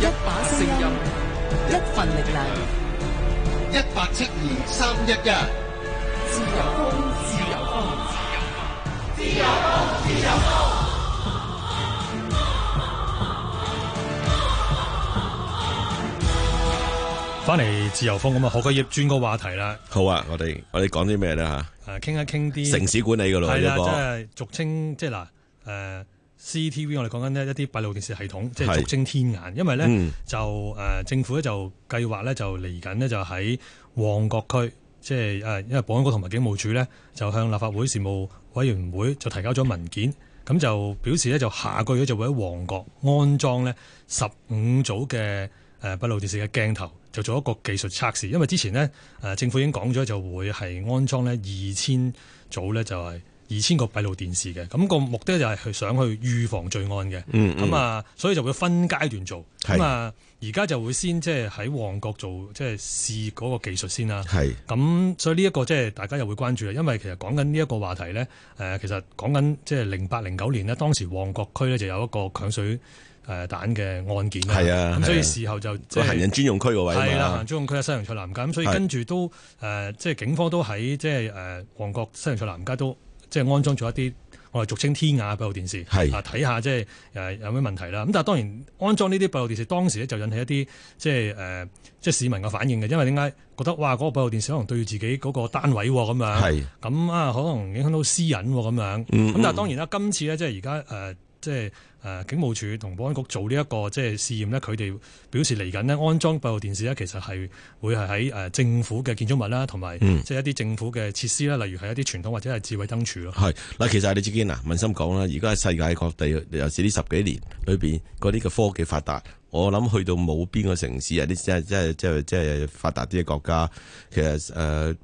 一把聲音，一份力量，一八七二三一一。自由風，自由風，自由風，自由風，自由風。翻嚟自由風咁啊，可可以轉個話題啦。好啊，我哋我哋講啲咩咧吓？誒，傾一傾啲城市管理嘅咯，呢個即係俗稱，即係嗱誒。C.T.V. 我哋講緊呢一啲閉路電視系統，即係俗稱天眼。嗯、因為呢，就政府咧就計劃呢，就嚟緊呢，就喺旺角區，即係因為保安局同埋警務處呢，就向立法會事務委員會就提交咗文件，咁就表示呢，就下個月就會喺旺角安裝呢十五組嘅誒閉路電視嘅鏡頭，就做一個技術測試。因為之前呢，政府已經講咗就會係安裝呢二千組呢，就係。二千個閉路電視嘅，咁個目的就係去想去預防罪案嘅。咁啊、嗯，嗯、所以就會分階段做。咁啊是，而家就會先即係喺旺角做，即係試嗰個技術先啦。係是，咁所以呢一個即係大家又會關注啦，因為其實講緊呢一個話題咧，誒，其實講緊即係零八零九年呢，當時旺角區咧就有一個鏹水誒彈嘅案件。係啊，咁所以事後就即係、啊就係、行人專用區個位置。係啦、啊，行人專用區喺西洋菜南街，咁所以跟住都誒，即、呃、係警方都喺即係誒旺角西洋菜南街都。即係安裝咗一啲我哋俗稱天眼閉路電視，是啊睇下即係誒有咩問題啦。咁但係當然安裝呢啲閉路電視當時咧就引起一啲、即係呃、即係誒即係市民嘅反應嘅，因為點解覺得哇嗰、嗰個閉路電視可能對自己嗰個單位咁、啊、樣，咁是啊可能影響到私隱咁、啊、樣。咁、嗯、但係當然啦、啊，嗯、今次咧即係而家誒即係。誒警務處同保安局做呢一個即係試驗咧，佢哋表示嚟緊呢安裝閉路電視咧，其實係會係喺誒政府嘅建築物啦，同埋即係一啲政府嘅設施啦，嗯、例如係一啲傳統或者係智慧燈柱咯。係嗱，其實你自己嗱，問心講啦，而家世界各地尤其是呢十幾年裏邊嗰啲嘅科技發達，我諗去到冇邊個城市啊，啲即係即係即係即係發達啲嘅國家，其實誒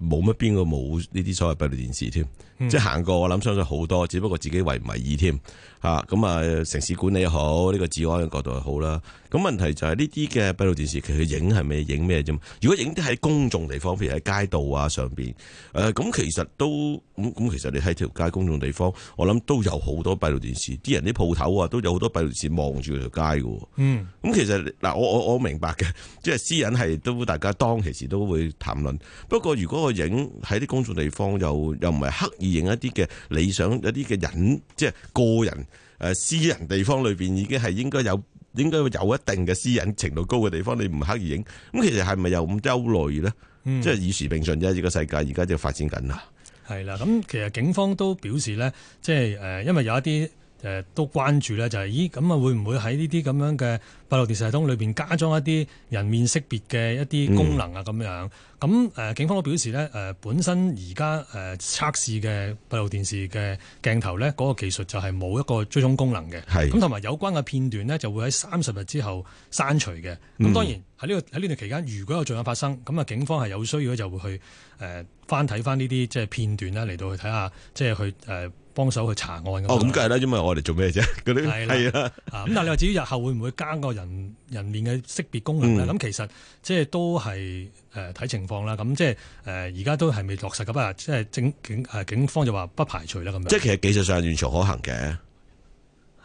冇乜邊個冇呢啲所謂閉路電視添，嗯、即係行過我諗相信好多，只不過自己為唔為意添。嚇咁啊城、嗯嗯管理又好呢個治安嘅角度又好啦，咁問題就係呢啲嘅閉路電視，其實影係咩影咩啫？如果影啲喺公眾地方，譬如喺街道啊上邊，誒，咁其實都咁咁，其實你喺條街公眾地方，我諗都有好多閉路電視，啲人啲鋪頭啊都有好多閉路電視望住條街噶。嗯，咁其實嗱，我我我明白嘅，即係私隱係都大家當其時都會談論。不過如果佢影喺啲公眾地方，又又唔係刻意影一啲嘅理想，一啲嘅人，即係個人。誒私人地方裏邊，已經係應該有應該有一定嘅私隱程度高嘅地方，你唔刻意影，咁其實係咪又咁憂慮咧？嗯、即係與時並進啫，呢個世界而家就發展緊啦。係啦，咁其實警方都表示咧，即係誒，因為有一啲。誒都關注咧，就係、是、咦咁啊，會唔會喺呢啲咁樣嘅閉路電視系統裏邊加裝一啲人面識別嘅一啲功能啊？咁、嗯、樣咁、嗯、警方都表示呢、呃，本身而家誒測試嘅閉路電視嘅鏡頭呢，嗰、那個技術就係冇一個追蹤功能嘅。咁同埋有關嘅片段呢，就會喺三十日之後刪除嘅。咁、嗯嗯、當然喺呢、這個喺呢段期間，如果有罪案發生，咁、嗯、啊警方係有需要就會去誒翻睇翻呢啲即係片段呢，嚟到去睇下即係去誒。呃幫手去查案哦，咁梗係啦，因為我哋做咩啫？嗰啲係啦，咁的但係你話至於日後會唔會加個人人面嘅識別功能咧？咁、嗯、其實即係都係誒睇情況啦。咁即係誒而家都係未落實嘛，即係警警誒警方就話不排除啦。咁樣即係其實技術上係完全可行嘅。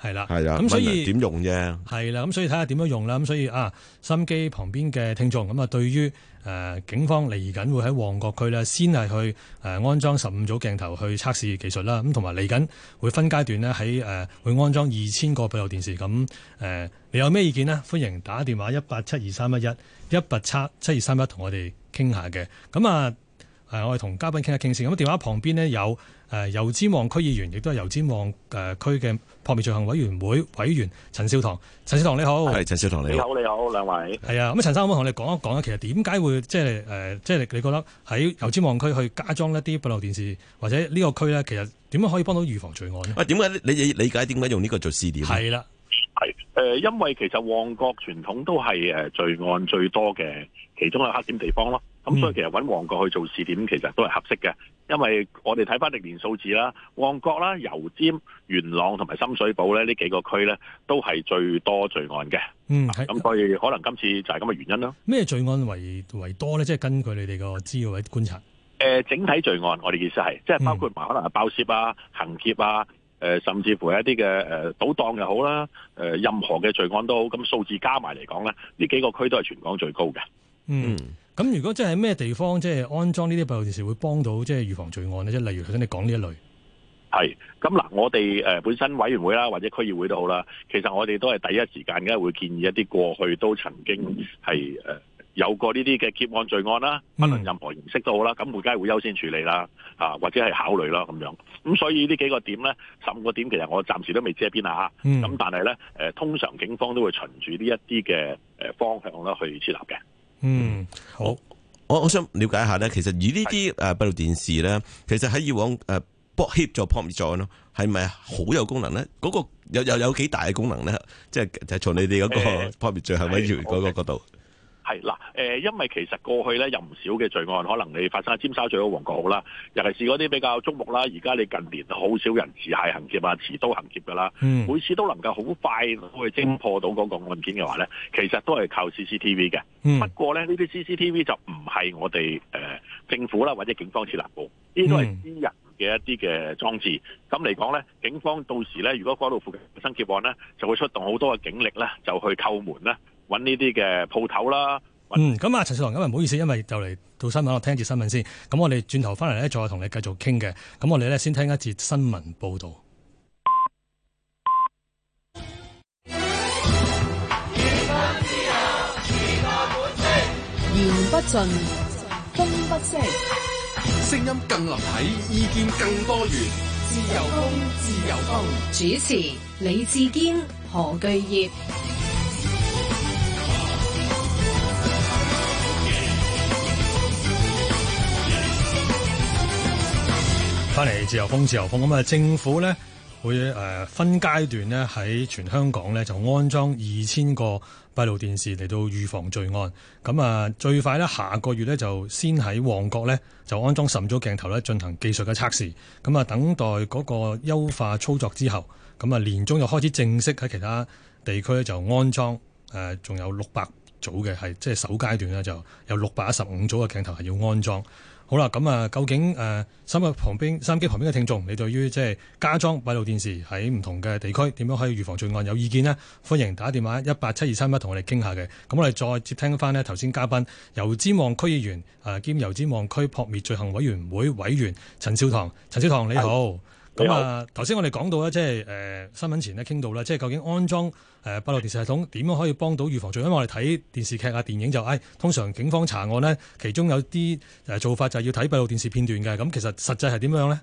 係啦，係啦，咁所以點用啫？係啦，咁所以睇下點樣用啦。咁所以啊，心機旁邊嘅聽眾，咁啊，對於誒、呃、警方嚟緊會喺旺角區咧，先係去誒、呃、安裝十五組鏡頭去測試技術啦。咁同埋嚟緊會分階段呢，喺誒、呃、會安裝二千個閉路電視。咁誒、呃，你有咩意見呢？歡迎打電話 1, X, 一八七二三一一一八七七二三一同我哋傾下嘅。咁啊、呃，我哋同嘉賓傾下傾先。咁電話旁邊呢，有。誒，油尖旺區議員亦都係油尖旺誒區嘅撲滅罪行委員會委員陳少棠，陳少棠你好，係陳少棠你好,你好，你好你好，兩位係啊，咁陳生可唔可以同我哋講一講其實點解會即係誒，即、呃、係、就是、你覺得喺油尖旺區去加裝一啲閉路電視，或者這個區呢個區咧，其實點樣可以幫到預防罪案呢點、啊、解你你理解點解用呢個做試點？係啦的，係誒、呃，因為其實旺角傳統都係誒罪案最多嘅，其中一個黑點地方咯。咁、嗯、所以其實揾旺角去做試點其實都係合適嘅，因為我哋睇翻歷年數字啦，旺角啦，油尖、元朗同埋深水埗咧，呢幾個區咧都係最多罪案嘅。嗯，咁所以可能今次就係咁嘅原因咯。咩罪案為為多咧？即係根據你哋個資料或者觀察。誒、呃，整體罪案我哋意思係，即係包括埋可能係爆竊啊、行劫啊、誒、呃，甚至乎一啲嘅誒賭檔又好啦，誒、呃、任何嘅罪案都好。咁、呃、數字加埋嚟講咧，呢幾個區都係全港最高嘅。嗯。咁如果即係咩地方，即係安裝呢啲閉路電視會幫到即係預防罪案呢？即係例如頭先你講呢一類，係咁嗱，我哋誒本身委員會啦，或者區議會都好啦，其實我哋都係第一時間梗係會建議一啲過去都曾經係誒有過呢啲嘅劫案罪案啦，不論、嗯、任何形式都好啦，咁會梗係會優先處理啦，啊或者係考慮啦咁樣。咁所以呢幾個點咧，十五個點其實我暫時都未知喺邊啊，咁、嗯、但係咧誒通常警方都會循住呢一啲嘅誒方向啦去設立嘅。嗯，好，好，我我想了解一下咧，其實以呢啲誒閉路電視咧，其實喺以往誒 b o 博協做 project 咯，係咪好有功能咧？嗰個有又有，有幾大嘅功能咧？即係就從你哋個 project 最後尾完嗰個角度。係嗱，誒，因為其實過去咧有唔少嘅罪案，可能你發生喺尖沙咀或者旺角好啦，尤其是嗰啲比較觸目啦。而家你近年好少人持械行劫啊，持刀行劫噶啦，mm. 每次都能夠好快去偵破到嗰個案件嘅話咧，其實都係靠 CCTV 嘅。Mm. 不過咧，呢啲 CCTV 就唔係我哋誒政府啦或者警方設立部，呢啲都係私人嘅一啲嘅裝置。咁嚟講咧，警方到時咧，如果嗰度附近發生劫案咧，就會出動好多嘅警力咧，就去叩門呢。搵呢啲嘅鋪頭啦。嗯，咁啊，陳少棠，今日唔好意思，因為就嚟到新聞，我聽一節新聞先。咁我哋轉頭翻嚟咧，再同你繼續傾嘅。咁我哋咧先聽一節新聞報道。言不盡，風不息，聲音更立體，意見更多元，自由風，自由風。主持：李志堅、何巨業。翻嚟自由風，自由風咁啊，政府呢會誒分階段呢喺全香港呢就安裝二千個閉路電視嚟到預防罪案。咁啊，最快呢下個月呢就先喺旺角呢就安裝十五組鏡頭呢進行技術嘅測試。咁啊，等待嗰個優化操作之後，咁啊年中就開始正式喺其他地區呢就安裝誒，仲有六百組嘅係即係首階段呢就有六百一十五組嘅鏡頭係要安裝。好啦，咁啊，究竟誒收音機旁邊、收音機旁邊嘅聽眾，你對於即係加裝閉路電視喺唔同嘅地區點樣可以預防罪案有意見呢？歡迎打電話一八七二三一，同我哋傾下嘅。咁我哋再接聽翻呢頭先，嘉賓油尖旺區議員誒兼油尖旺區撲滅罪行委員會委員陳少棠，陳少棠你好。哎咁啊，頭先我哋講到咧，即係誒新聞前咧傾到啦，即係究竟安裝誒閉路電視系統點樣可以幫到預防罪？因為我哋睇電視劇啊、電影就，哎，通常警方查案咧，其中有啲誒做法就係要睇閉路電視片段嘅。咁其實實際係點樣咧？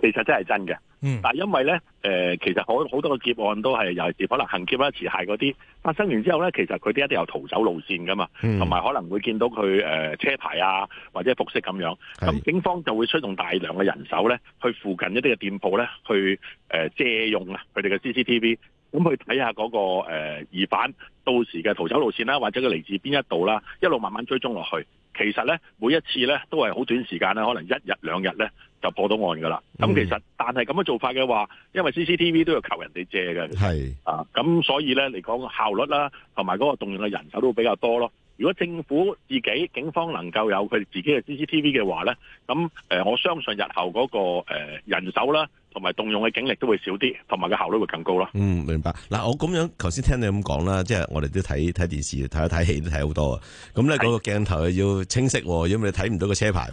其實真係真嘅，但係因為咧、呃，其實好好多個劫案都係尤其是可能行劫啦、持械嗰啲發生完之後咧，其實佢哋一定有逃走路線噶嘛，同埋、嗯、可能會見到佢誒、呃、車牌啊或者服飾咁樣，咁警方就會出動大量嘅人手咧，去附近一啲嘅店鋪咧，去誒、呃、借用啊佢哋嘅 C C T V。咁去睇下嗰個誒疑犯到時嘅逃走路線啦，或者佢嚟自邊一度啦，一路慢慢追蹤落去。其實咧，每一次咧都係好短時間啦，可能一日兩日咧就破到案㗎啦。咁、嗯、其實，但係咁樣做法嘅話，因為 CCTV 都要求人哋借嘅，係是啊，咁所以咧嚟講效率啦，同埋嗰個動用嘅人手都比較多咯。如果政府自己警方能夠有佢自己嘅 CCTV 嘅話咧，咁誒，我相信日後嗰個人手啦，同埋動用嘅警力都會少啲，同埋個效率會更高啦。嗯，明白。嗱，我咁樣頭先聽你咁講啦，即係我哋都睇睇電視睇一睇戲都睇好多啊。咁咧嗰個鏡頭要清晰，因為你睇唔到個車牌，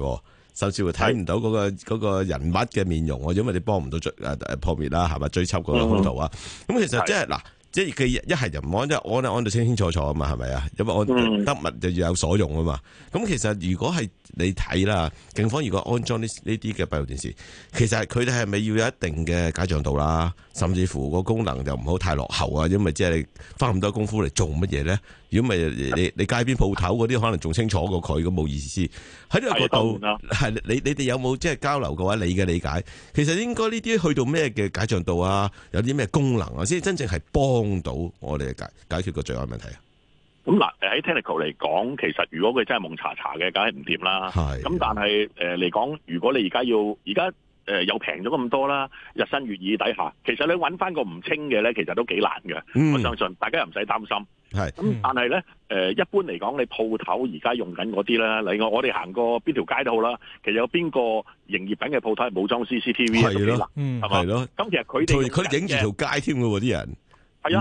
甚至乎睇唔到嗰個嗰個人物嘅面容，因為你幫唔到最誒破滅啦，係咪追緝個兇徒啊？咁其實即係嗱，即係佢一係就唔安，就安就安到清清楚楚啊嘛，係咪啊？因為安得物就要有所用啊嘛。咁其實如果係，你睇啦，警方如果安裝呢啲嘅閉路電視，其實佢哋係咪要有一定嘅解像度啦？甚至乎個功能就唔好太落後啊！因為即係你花咁多功夫嚟做乜嘢咧？如果唔係你你街邊鋪頭嗰啲可能仲清楚過佢，咁冇意思。喺呢個角度對係你你哋有冇即係交流嘅話，你嘅理解其實應該呢啲去到咩嘅解像度啊？有啲咩功能啊？先真正係幫到我哋解解決個罪案問題。咁嗱，喺、嗯、technical 嚟講，其實如果佢真係蒙查查嘅，梗係唔掂啦。咁的但係誒嚟講，如果你而家要而家又平咗咁多啦，日新月異底下，其實你揾翻個唔清嘅咧，其實都幾難嘅。嗯、我相信大家又唔使擔心。咁的但係咧，誒、呃、一般嚟講，你鋪頭而家用緊嗰啲咧，你我哋行過邊條街都好啦，其實有邊個營業品嘅鋪頭係冇裝 CCTV 嘅？咯的。咁其實佢哋佢佢影住條街添喎，嗰啲人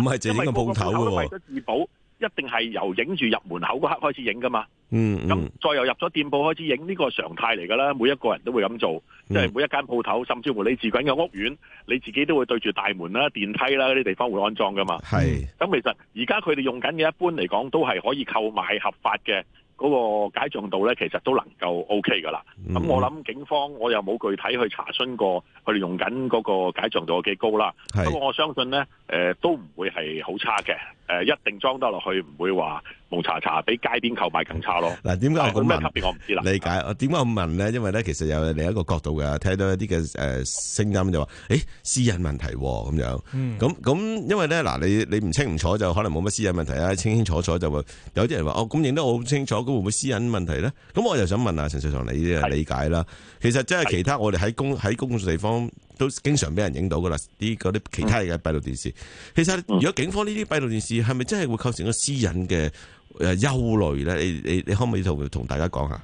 唔係淨影個鋪頭嘅，為咗自保。一定係由影住入門口嗰刻開始影噶嘛，咁、嗯嗯、再由入咗店鋪開始影，呢、呢個常態嚟噶啦。每一個人都會咁做，嗯、即係每一間鋪頭，甚至乎你住緊嘅屋苑，你自己都會對住大門啦、電梯啦嗰啲地方會安裝噶嘛。咁是其實而家佢哋用緊嘅一般嚟講，都係可以購買合法嘅。嗰個解像度咧，其實都能夠 OK 噶啦。咁我諗警方，我又冇具體去查詢過佢哋用緊嗰個解像度有幾高啦。不過是我相信咧，誒、呃、都唔會係好差嘅，誒、呃、一定裝得落去，唔會話。冇查查，比街邊購買更差咯。嗱，點解冇咩特別，我唔知啦。理解啊，點解咁問咧？因為咧，其實有另一個角度嘅，聽到一啲嘅誒聲音就話，誒、欸，私隱問題咁、啊、樣。咁咁、嗯，因為咧嗱，你你唔清唔楚就可能冇乜私隱問題啊，清清楚楚就會有啲人話，哦，咁影得好清楚，咁會唔會私隱問題咧？咁我又想問啊，陳少棠，你啲理解啦。是其實即係其他我，我哋喺公喺公共地方都經常俾人影到噶啦，啲嗰啲其他嘅閉路電視。嗯、其實如果警方呢啲閉路電視係咪真係會構成個私隱嘅？誒，憂慮咧，你你你可唔可以同同大家講下？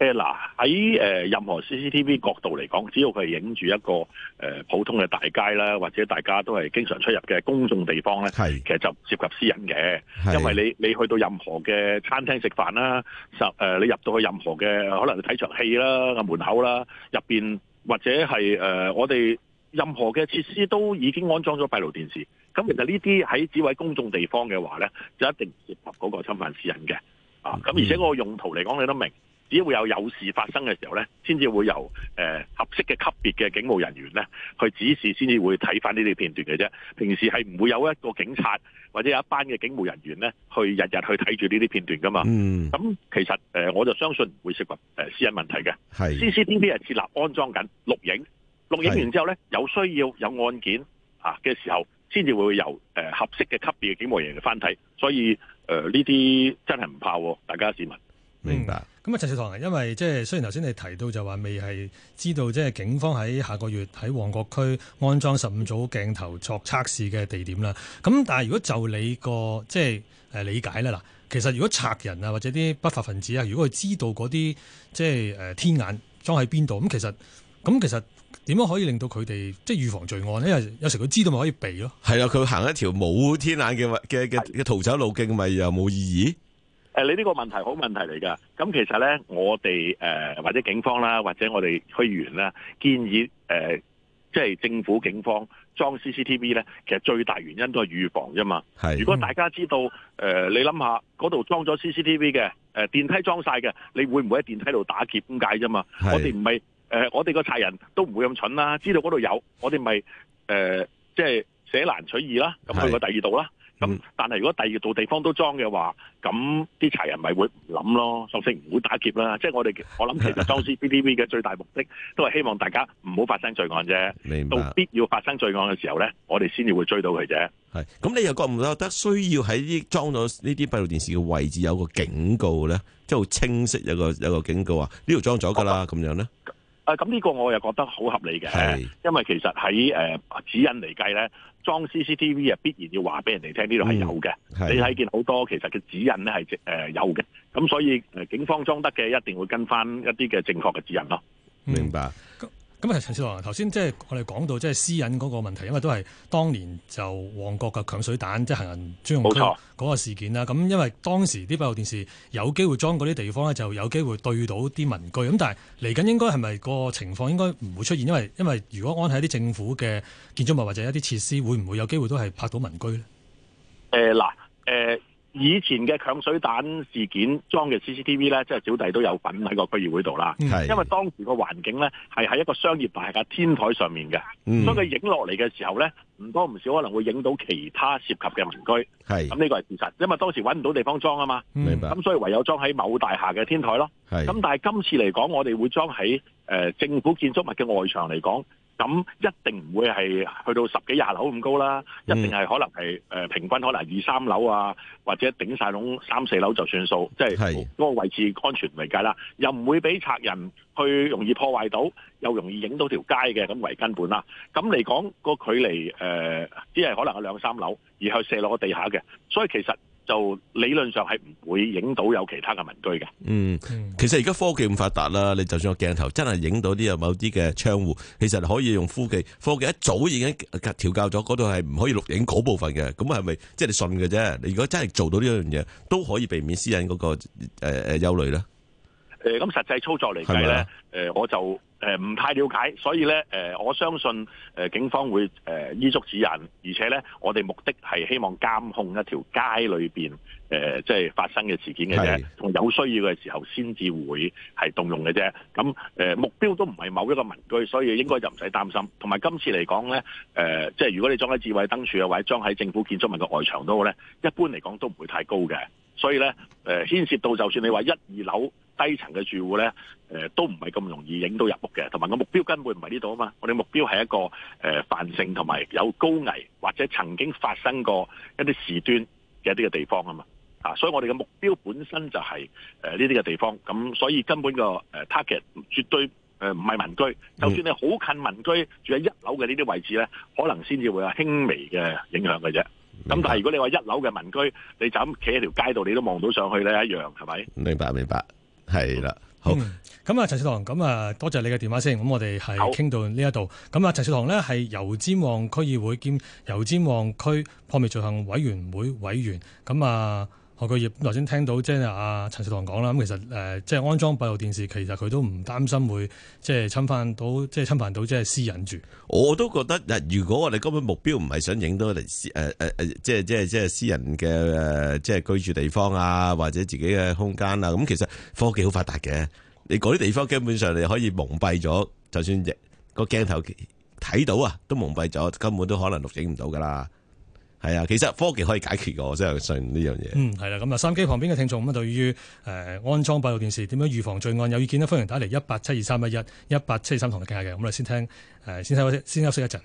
誒，嗱喺誒任何 CCTV 角度嚟講，只要佢係影住一個誒、呃、普通嘅大街啦，或者大家都係經常出入嘅公眾地方咧，係其實就涉及私隱嘅。是因為你你去到任何嘅餐廳食飯啦，十誒、呃、你入到去任何嘅可能睇場戲啦嘅門口啦，入邊或者係誒、呃、我哋任何嘅設施都已經安裝咗閉路電視。咁其實呢啲喺只位公眾地方嘅話呢，就一定唔涉及嗰個侵犯私隱嘅啊。咁而且嗰個用途嚟講，你都明，只會有有事發生嘅時候呢，先至會由誒、呃、合適嘅級別嘅警務人員呢去指示，先至會睇返呢啲片段嘅啫。平時係唔會有一個警察或者有一班嘅警務人員呢去日日去睇住呢啲片段㗎嘛。咁、嗯、其實誒、呃，我就相信唔會涉及私隱問題嘅。是 C C T V 係設立安裝緊錄影，錄影完之後呢，是有需要有案件啊嘅時候。先至會由誒、呃、合適嘅級別嘅警務人員嚟翻睇，所以誒呢啲真係唔怕喎、哦，大家市民明白。咁啊、嗯，陳少棠啊，因為即係雖然頭先你提到就話未係知道，即係警方喺下個月喺旺角區安裝十五組鏡頭作測試嘅地點啦。咁但係如果就你個即係誒、呃、理解咧嗱，其實如果賊人啊或者啲不法分子啊，如果佢知道嗰啲即係誒、呃、天眼裝喺邊度，咁其實咁其實。嗯，其實點樣可以令到佢哋即係預防罪案咧？因為有時佢知道咪可以避咯。係啊，佢行一條冇天眼嘅嘅嘅逃走路徑咪是的 又冇意義。誒，你呢個問題好問題嚟噶。咁其實咧，我哋誒或者警方啦，或者我哋區議員啦，建議誒，即、呃、係、就是、政府警方裝 CCTV 咧，其實最大原因都係預防啫嘛。係。是的 如果大家知道誒、呃，你諗下嗰度裝咗 CCTV 嘅，誒電梯裝晒嘅，你會唔會喺電梯度打劫咁解啫嘛？我哋唔係。誒、呃，我哋個賊人都唔會咁蠢啦，知道嗰度有我哋咪誒，即係捨難取易啦。咁去個第二度啦。咁、嗯、但係如果第二度地方都裝嘅話，咁啲賊人咪會唔諗咯，索性唔會打劫啦。即係我哋我諗，其實裝 C B D b 嘅最大目的都係希望大家唔好發生罪案啫。明白到必要發生罪案嘅時候咧，我哋先至會追到佢啫。係。咁，你又覺唔覺得需要喺啲裝咗呢啲閉路電視嘅位置有個警告咧，即係好清晰個有個有個警告這了了啊？這呢度裝咗㗎啦，咁樣咧。啊，咁、這、呢個我又覺得好合理嘅，是因為其實喺誒、呃、指引嚟計呢，裝 CCTV 啊必然要話俾人哋聽，呢度係有嘅。嗯、你睇見好多其實嘅指引呢係誒有嘅，咁所以警方裝得嘅一定會跟翻一啲嘅正確嘅指引咯。明白。嗯咁啊，陳少棠頭先即係我哋講到即係私隱嗰個問題，因為都係當年就旺角嘅強水彈即係行人專用區嗰個事件啦。咁錯因為當時啲閉路電視有機會裝嗰啲地方呢，就有機會對到啲民居。咁但係嚟緊應該係咪個情況應該唔會出現？因為因為如果安喺啲政府嘅建築物或者一啲設施，會唔會有機會都係拍到民居呢？誒嗱誒。呃以前嘅強水彈事件裝嘅 CCTV 咧，即係小弟都有份喺個區議會度啦。係，因為當時個環境咧係喺一個商業大廈天台上面嘅，所以佢影落嚟嘅時候咧唔多唔少可能會影到其他涉及嘅民居。係，咁呢個係事實，因為當時揾唔到地方裝啊嘛。明白、嗯。咁所以唯有裝喺某大廈嘅天台咯。係是。咁但係今次嚟講，我哋會裝喺、呃、政府建築物嘅外牆嚟講。咁一定唔會係去到十幾廿樓咁高啦，一定係可能係誒、呃、平均可能二三樓啊，或者頂晒籠三四樓就算數，即係嗰個位置安全為佳啦，又唔會俾賊人去容易破壞到，又容易影到條街嘅，咁為根本啦。咁嚟講個距離誒、呃，只係可能有兩三樓，而去射落個地下嘅，所以其實。就理論上係唔會影到有其他嘅民居嘅。嗯，其實而家科技咁發達啦，你就算個鏡頭真係影到啲有某啲嘅窗戶，其實可以用呼記，科技一早已經調教咗嗰度係唔可以錄影嗰部分嘅。咁係咪即係你信嘅啫？你如果真係做到呢樣嘢，都可以避免私隱嗰、嗰個誒誒、呃呃、憂慮啦。咁實際操作嚟計咧，誒吧、呃、我就誒唔、呃、太了解，所以咧誒、呃、我相信誒、呃、警方會誒、呃、依足指引，而且咧我哋目的係希望監控一條街裏面誒即係發生嘅事件嘅啫，同是有需要嘅時候先至會係動用嘅啫。咁、呃、目標都唔係某一個民居，所以應該就唔使擔心。同埋今次嚟講咧，誒、呃、即係如果你裝喺智慧燈柱啊，或者裝喺政府建築物嘅外牆都好咧，一般嚟講都唔會太高嘅。所以咧誒牽涉到就算你話一二樓。低層嘅住戶咧，誒、呃、都唔係咁容易影到入屋嘅，同埋個目標根本唔係呢度啊嘛！我哋目標係一個誒、呃、繁盛同埋有高危或者曾經發生過一啲事端嘅一啲嘅地方啊嘛！啊，所以我哋嘅目標本身就係誒呢啲嘅地方，咁所以根本個誒、呃、target 絕對誒唔係民居，就算你好近民居、嗯、住喺一樓嘅呢啲位置咧，可能先至會有輕微嘅影響嘅啫。咁明白，但係如果你話一樓嘅民居，你就咁企喺條街度，你都望到上去咧一樣，係咪？明白，明白。係啦，好。咁啊、嗯，陳少棠，咁啊，多謝你嘅電話先。咁我哋係傾到呢一度。咁啊好，陳少棠呢係油尖旺區議會兼油尖旺區撲滅罪行委員會委員。咁啊。佢業頭先聽到即係阿陳少棠講啦，咁其實誒即係安裝閉路電視，其實佢都唔擔心會即係侵犯到即係侵犯到即係私隱住。我都覺得，若如果我哋根本目標唔係想影到嚟私誒誒誒，即係即係即係私人嘅誒，即係居住地方啊，或者自己嘅空間啊，咁其實科技好發達嘅，你嗰啲地方根本上你可以蒙蔽咗，就算個鏡頭睇到啊，都蒙蔽咗，根本都可能錄影唔到㗎喇。係啊，其實科技可以解決嘅，我真係信呢樣嘢。嗯，係啦，咁啊，收音機旁邊嘅聽眾咁啊，對於誒、呃、安裝閉路電視點樣預防罪案有意見咧，歡迎打嚟一八七二三一一一八七二三同你傾下偈。咁我哋先聽誒、呃，先休息先休息一陣。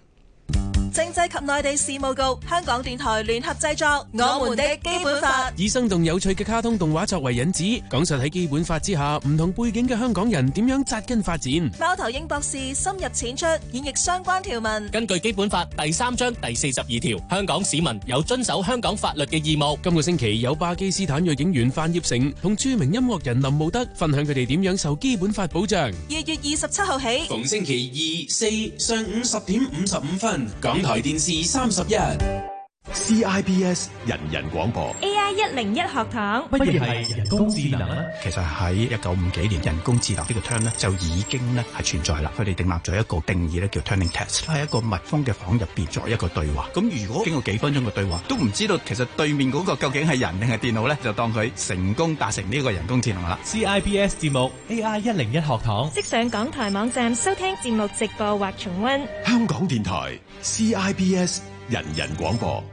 政制及內地事務局、香港電台聯合製作《我們的基本法》，以生動有趣嘅卡通動畫作為引子，講述喺基本法之下，唔同背景嘅香港人點樣紮根發展。貓頭鷹博士深入淺出演繹相關條文。根據《基本法》第三章第四十二條，香港市民有遵守香港法律嘅義務。今個星期有巴基斯坦裔演員范業成同著名音樂人林慕德分享佢哋點樣受基本法保障。二月二十七號起，逢星期二、四上午十點五十五分，港台電視三十一。CIBS 人人廣播 AI 一零一學堂，乜嘢係人工智能咧？其實喺一九五幾年，人工智能呢個 term 咧就已經咧係存在啦。佢哋訂立咗一個定義咧，叫 Turing test，喺一個密封嘅房入邊作一個對話。咁如果經過幾分鐘嘅對話，都唔知道其實對面嗰個究竟係人定係電腦咧，就當佢成功達成呢個人工智能啦。CIBS 節目 AI 一零一學堂，即上港台網站收聽節目直播或重溫。香港電台 CIBS 人人廣播。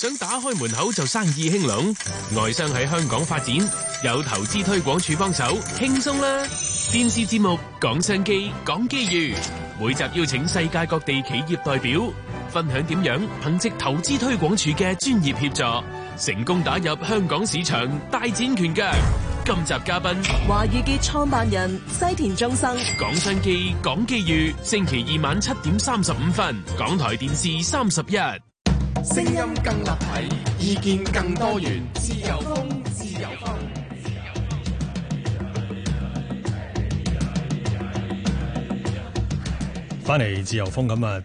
想打開門口就生意興隆，外商喺香港發展有投資推廣署幫手輕鬆啦。電視節目講商機，講機遇，每集邀請世界各地企業代表分享點樣憑藉投資推廣署嘅專業協助成功打入香港市場，大展拳腳。今集嘉賓華語機創辦人西田忠生，講商機，講機遇。星期二晚七點三十五分，港台電視三十一。聲音更立體，意見更多元，自由風，自由風，自由風。翻嚟自由風咁啊！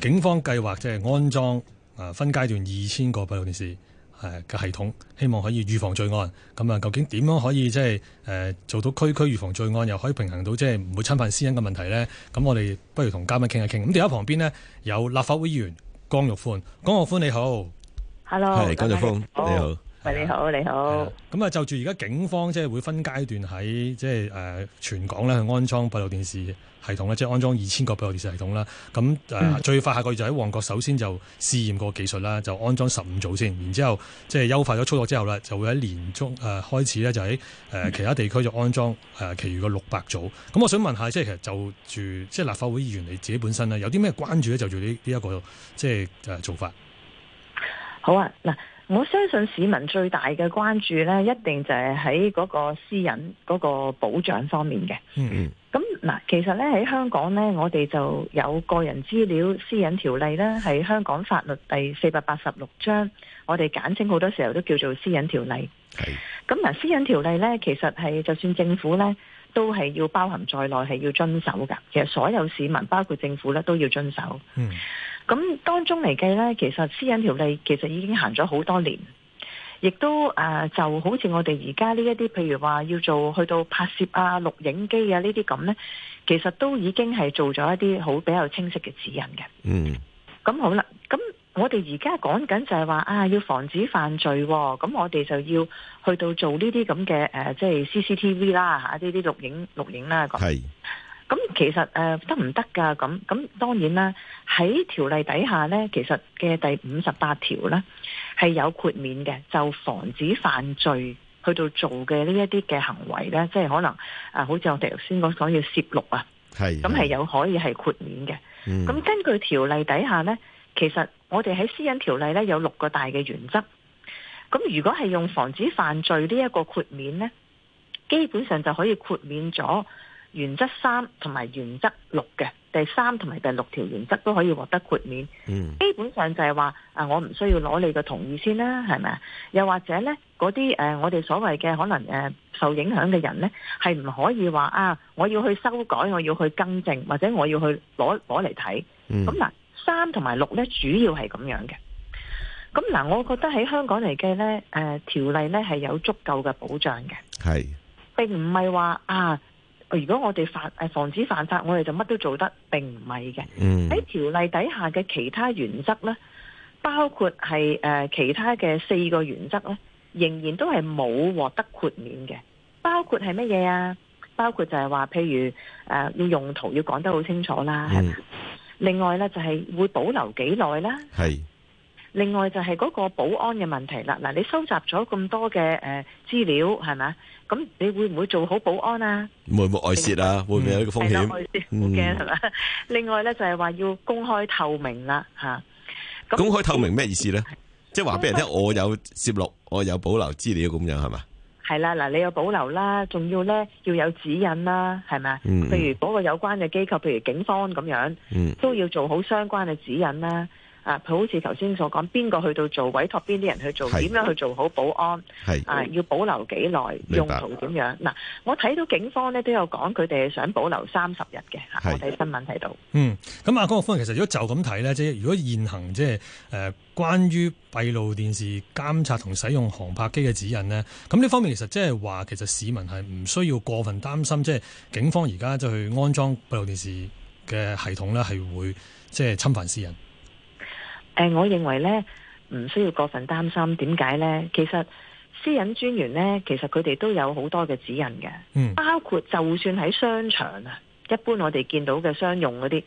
警方計劃即係安裝啊，分階段二千個閉路電視誒嘅系統，希望可以預防罪案。咁啊，究竟點樣可以即係誒做到區區預防罪案，又可以平衡到即係唔會侵犯私隱嘅問題呢？咁我哋不如同嘉賓傾一傾。咁電話旁邊呢，有立法會議員。江玉歡，江玉歡你好，Hello，係江玉歡你好。喂，啊、你好，你好。咁啊，就住而家警方即係會分階段喺即係誒全港咧去安裝閉路電視系統咧，即、就、係、是、安裝二千個閉路電視系統啦。咁誒、呃嗯、最快下個月就喺旺角首先就試驗個技術啦，就安裝十五組先，然後之後即係優化咗操作之後啦，就會喺年中誒、呃、開始咧就喺誒、呃、其他地區就安裝誒、呃、其餘嘅六百組。咁、嗯、我想問下，即係其實就住即係立法會議員你自己本身呢，有啲咩關注咧？就住呢呢一個即係誒做法。好啊，嗱。我相信市民最大嘅關注呢，一定就係喺嗰個私隱嗰個保障方面嘅。嗯嗯、mm。咁、hmm. 嗱，其實呢，喺香港呢，我哋就有個人資料私隱條例呢，係香港法律第四百八十六章，我哋簡稱好多時候都叫做私隱條例。咁嗱、mm hmm.，私隱條例呢，其實係就算政府呢，都係要包含在內，係要遵守㗎。其實所有市民，包括政府呢，都要遵守。嗯、mm。Hmm. 咁當中嚟計呢，其實私引條例其實已經行咗好多年，亦都誒、呃、就好似我哋而家呢一啲，譬如話要做去到拍攝啊、錄影機啊呢啲咁呢，其實都已經係做咗一啲好比較清晰嘅指引嘅。嗯。咁好啦，咁我哋而家講緊就係話啊，要防止犯罪，啊，咁我哋就要去到做呢啲咁嘅即係 CCTV 啦，一啲啲錄影錄影啦，係。咁其實誒得唔得噶？咁、呃、咁當然啦，喺條例底下呢，其實嘅第五十八條呢係有豁免嘅，就防止犯罪去到做嘅呢一啲嘅行為呢，即係可能誒、呃，好似我哋頭先講要嘅攝錄啊，咁係是是 有可以係豁免嘅。咁、嗯、根據條例底下呢，其實我哋喺私隱條例呢有六個大嘅原則。咁如果係用防止犯罪呢一個豁免呢，基本上就可以豁免咗。原則三同埋原則六嘅第三同埋第六條原則都可以獲得豁免。嗯，基本上就係話啊，我唔需要攞你嘅同意先啦，係咪啊？又或者呢，嗰啲誒我哋所謂嘅可能誒、呃、受影響嘅人呢，係唔可以話啊，我要去修改，我要去更正，或者我要去攞攞嚟睇。咁嗱，嗯，三同埋六呢，主要係咁樣嘅。咁嗱，我覺得喺香港嚟計呢，誒條例呢，係有足夠嘅保障嘅。係是 並唔係話啊？如果我哋犯防止犯法，我哋就乜都做得並唔係嘅。嗯、喺條例底下嘅其他原則咧，包括係誒其他嘅四個原則咧，仍然都係冇獲得豁免嘅。包括係乜嘢啊？包括就係話，譬如誒要、呃、用途要講得好清楚啦，係、嗯、另外咧就係會保留幾耐啦。係。另外就係嗰個保安嘅問題啦，嗱，你收集咗咁多嘅誒資料係咪，咁你會唔會做好保安啊？會唔會外泄啊，會唔會有呢個風險？唔驚係咪？另外咧就係話要公開透明啦，吓。公開透明咩意思咧？即係話俾人聽，我有攝錄，我有保留資料，咁樣係咪？係啦，嗱，你有保留啦，仲要咧要有指引啦，係咪？譬如嗰個有關嘅機構，譬如警方咁樣，都要做好相關嘅指引啦。啊，好似頭先所講，邊個去到做委託，邊啲人去做，點樣去做好保安？係的啊，要保留幾耐白用途點樣？嗱、啊，我睇到警方咧都有講，佢哋想保留三十日嘅嚇。的我睇新聞睇到、嗯。嗯，咁阿江玉歡其實如果就咁睇呢，即係如果現行即係誒、呃，關於閉路電視監察同使用航拍機嘅指引呢，咁呢方面其實即係話，其實市民係唔需要過分擔心，即係警方而家就去安裝閉路電視嘅系統呢，係會即係侵犯私人。誒，我認為咧唔需要過分擔心，點解咧？其實私隱專員咧，其實佢哋都有好多嘅指引嘅，包括就算喺商場啊，一般我哋見到嘅商用嗰啲，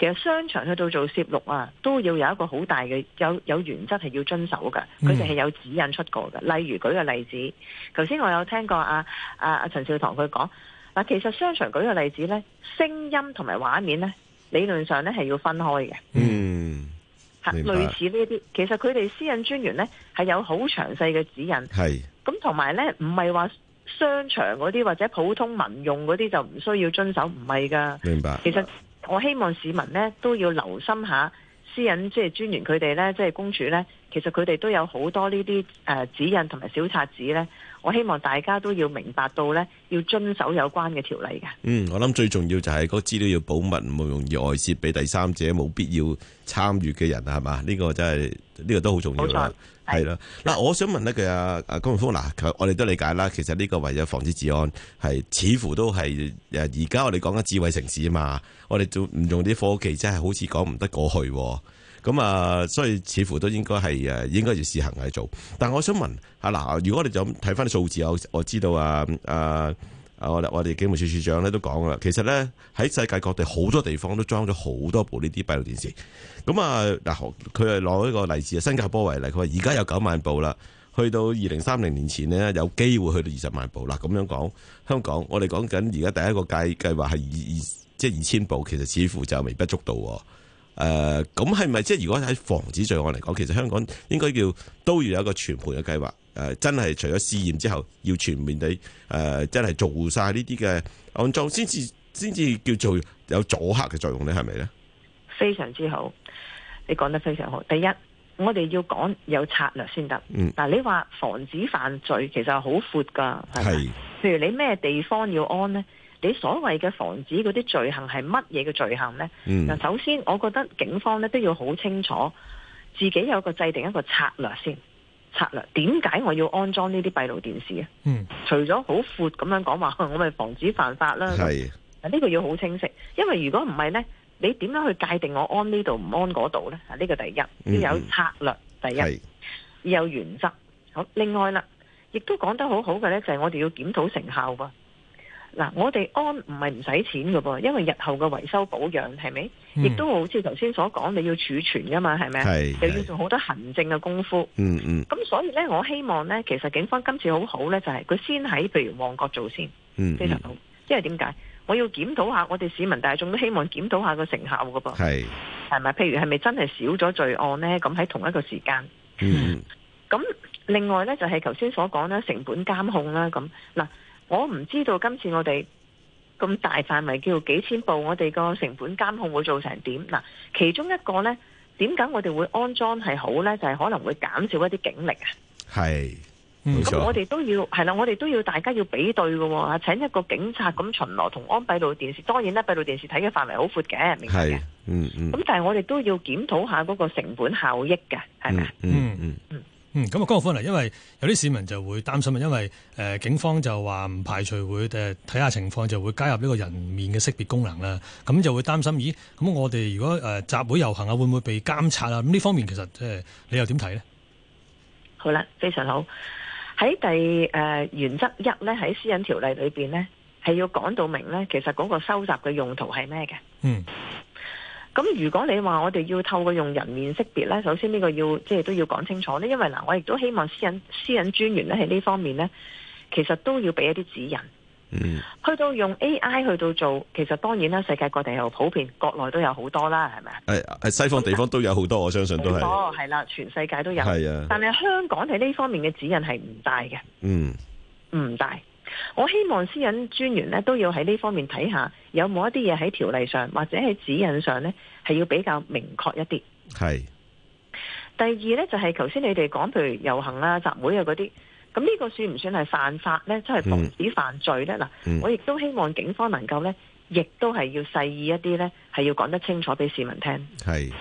其實商場去到做攝錄啊，都要有一個好大嘅有有原則係要遵守嘅，佢哋係有指引出過嘅。例如舉個例子，頭先我有聽過阿阿阿陳少棠佢講嗱，其實商場舉個例子咧，聲音同埋畫面咧，理論上咧係要分開嘅，嗯。類似呢啲，其實佢哋私隱專員呢係有好詳細嘅指引。係，咁同埋呢，唔係話商場嗰啲或者普通民用嗰啲就唔需要遵守，唔係噶。明白。其實我希望市民呢都要留心下，私隱即係專員佢哋呢，即係公署呢。其實佢哋都有好多呢啲誒指引同埋小冊子咧，我希望大家都要明白到咧，要遵守有關嘅條例嘅。嗯，我諗最重要就係嗰資料要保密，唔好容易外泄俾第三者，冇必要參與嘅人啊，係嘛？呢、這個真係呢、這個都好重要。冇錯，係啦。嗱，我想問咧，佢阿阿江玉歡，嗱，我哋都理解啦。其實呢個為咗防止治安，係似乎都係誒，而家我哋講緊智慧城市嘛，我哋做唔用啲科技，真係好似講唔得過去，咁啊，所以似乎都應該係誒，應該要試行嚟做。但我想問啊，嗱，如果我哋就睇翻啲數字，我我知道啊，啊我我哋警務處處長咧都講啦，其實咧喺世界各地好多地方都裝咗好多部呢啲閉路電視。咁啊，嗱，佢係攞一個例子啊，新加坡為例，佢話而家有九萬部啦，去到二零三零年前呢，有機會去到二十萬部啦。咁樣講，香港，我哋講緊而家第一個計計劃係二二，即係二千部，其實似乎就微不足道。誒，咁係咪即係如果喺防止罪案嚟講，其實香港應該叫都要有一個全盤嘅計劃。誒、呃，真係除咗試驗之後，要全面地誒、呃，真係做晒呢啲嘅安裝，先至先至叫做有阻嚇嘅作用咧，係咪咧？非常之好，你講得非常好。第一，我哋要講有策略先得。嗯，嗱，你話防止犯罪其實好闊噶，係，是譬如你咩地方要安呢？你所謂嘅防止嗰啲罪行係乜嘢嘅罪行呢？嗱、嗯，首先我覺得警方咧都要好清楚自己有個制定一個策略先。策略點解我要安裝呢啲閉路電視啊？嗯，除咗好闊咁樣講話，我咪防止犯法啦。呢是個要好清晰，因為如果唔係呢，你點樣去界定我安呢度唔安嗰度呢？呢、呢個第一要有策略，第一要、嗯、有原則。是好，另外啦，亦都講得好好嘅呢，就係我哋要檢討成效噃嗱，我哋安唔係唔使錢㗎噃，因為日後嘅維修保養係咪？亦都好似頭先所講，你要儲存㗎嘛，係咪？又是要做好多行政嘅功夫。嗯嗯。咁、嗯、所以咧，我希望咧，其實警方今次很好好咧，就係、是、佢先喺譬如旺角做先，非常好。道嗯、因為點解？我要檢討下，我哋市民大眾都希望檢討下個成效㗎噃。係係咪？譬如係咪真係少咗罪案咧？咁喺同一個時間。嗯。咁另外咧就係頭先所講咧成本監控啦，咁嗱。我唔知道今次我哋咁大範圍叫幾千部，我哋個成本監控會做成點？嗱，其中一個呢，點解我哋會安裝係好呢？就係、係、可能會減少一啲警力啊。係是，咁我哋都要係啦錯，我哋都要大家要比對㗎喎。請一個警察咁巡邏同安閉路電視，當然啦閉路電視睇嘅範圍好闊嘅，明唔明？咁、嗯嗯、但係我哋都要檢討下嗰個成本效益嘅，係咪、嗯？嗯嗯嗯。嗯。嗯，咁啊，剛好翻嚟，因為有啲市民就會擔心啊，因為、呃、警方就話唔排除會、呃、睇下情況，就會加入呢個人面嘅識別功能啦，咁就會擔心，咦？咁我哋如果、呃、集會遊行啊，會唔會被監察啊？咁呢方面其實即係、呃、你又點睇呢？好啦，非常好。喺第、呃、原則一咧，喺私隱條例裏邊呢，係要講到明呢，其實嗰個收集嘅用途係咩嘅？嗯。咁如果你話我哋要透過用人面識別呢，首先呢個要即係都要講清楚呢。因為嗱，我亦都希望私隱私隱專員咧喺呢方面呢，其實都要俾一啲指引。嗯，去到用 AI 去到做，其實當然啦，世界各地又普遍，國內都有好多啦，係咪？誒誒，西方地方都有好多，嗯、我相信都係。哦，係啦，全世界都有。係啊的，但係香港喺呢方面嘅指引係唔大嘅。嗯，唔大。我希望私隱專員咧都要喺呢方面睇下，有冇一啲嘢，喺條例上或者喺指引上呢，係要比較明確一啲。係。第二呢，就係頭先你哋講，譬如遊行啦、集會啊嗰啲，咁呢個算唔算係犯法呢？即係防止犯罪呢？嗱、嗯，我亦都希望警方能夠呢，亦都係要細意一啲呢，係要講得清楚俾市民聽。係。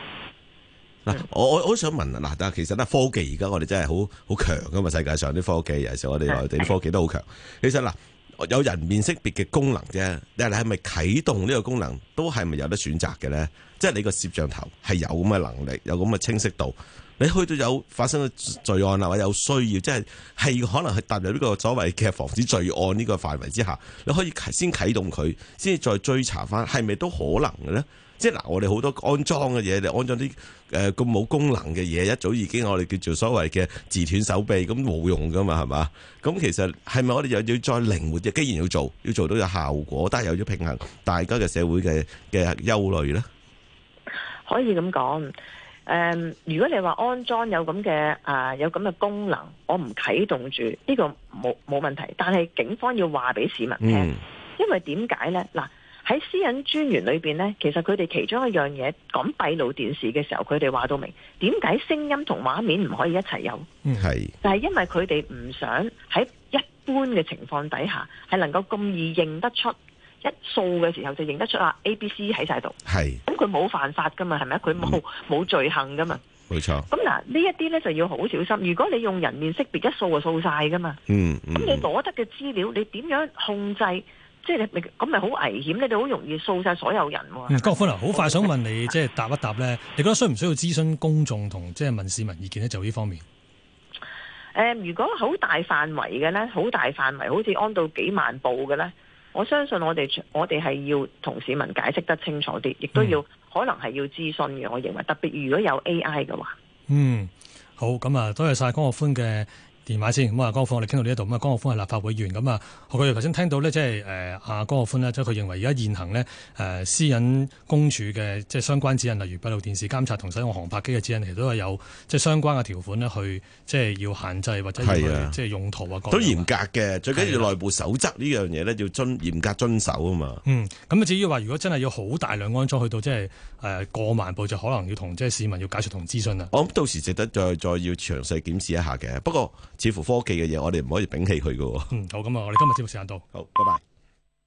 嗱，我我想問嗱，但係其實咧，科技而家我哋真係好好強噶嘛，世界上啲科技，尤其我哋內地啲科技都好強。其實嗱，有人面識別嘅功能啫，你係咪啟動呢個功能都係咪有得選擇嘅呢？即係你個攝像頭係有咁嘅能力，有咁嘅清晰度，你去到有發生咗罪案啊，或者有需要，即係係可能係踏入呢個所謂嘅防止罪案呢個範圍之下，你可以先啟動佢，先至再追查翻，係咪都可能嘅呢？即係嗱，我哋好多安裝嘅嘢，就安裝啲誒咁冇功能嘅嘢，一早已經我哋叫做所謂嘅自斷手臂，咁冇用噶嘛，係嘛？咁其實係咪我哋又要再靈活啫？既然要做，要做到有效果，但係又要平衡，大家嘅社會嘅嘅憂慮咧，可以咁講。誒，如果你話安裝有咁嘅啊，有咁嘅功能，我唔啟動住呢個冇冇問題，但係警方要話俾市民聽，因為點解咧？嗱。喺私隱專員裏邊呢，其實佢哋其中一樣嘢講閉路電視嘅時候，佢哋話到明點解聲音同畫面唔可以一齊有？嗯是，係。就係因為佢哋唔想喺一般嘅情況底下，係能夠咁易認得出一掃嘅時候就認得出啊 A、B 是、C 喺晒度。係。咁佢冇犯法噶嘛？係咪佢冇冇罪行噶嘛？冇錯。咁嗱，呢一啲呢就要好小心。如果你用人面識別一掃就掃晒噶嘛，嗯。嗯。咁你攞得嘅資料，你點樣控制？即係咁，咪好危險？你哋好容易掃晒所有人喎。江玉歡，好，嗯、快想問你，即係 答一答呢？你覺得需唔需要諮詢公眾同即係問市民意見呢？就呢方面。誒，嗯，如果好大範圍嘅呢，好大範圍，好似安到幾萬部嘅呢，我相信我哋我哋係要同市民解釋得清楚啲，亦都要，嗯、可能係要諮詢嘅。我認為特別如果有 AI 嘅話，嗯，好，咁，嗯、啊，多謝晒。江玉歡嘅。電話先咁啊，江玉歡，我哋傾到呢一度咁啊，江玉歡係立法會議員咁啊，我哋頭先聽到咧，即係誒阿江玉歡呢即係佢認為而家現行呢，誒私隱公署嘅即係相關指引，例如閉路電視監察同使用航拍機嘅指引，其實都係有即係相關嘅條款呢去即係要限制或者即係用途啊，都嚴格嘅，最緊要內部守則呢樣嘢呢要遵嚴格遵守啊嘛。嗯，咁至於話如果真係要好大量安裝去到即係誒過萬部，就可能要同即係市民要解說同諮詢啦。我諗到時值得再再要詳細檢視一下嘅，不過。似乎科技嘅嘢，我哋唔可以摒棄佢㗎。嗯，好，咁啊，我哋今日節目時間到。好，拜拜。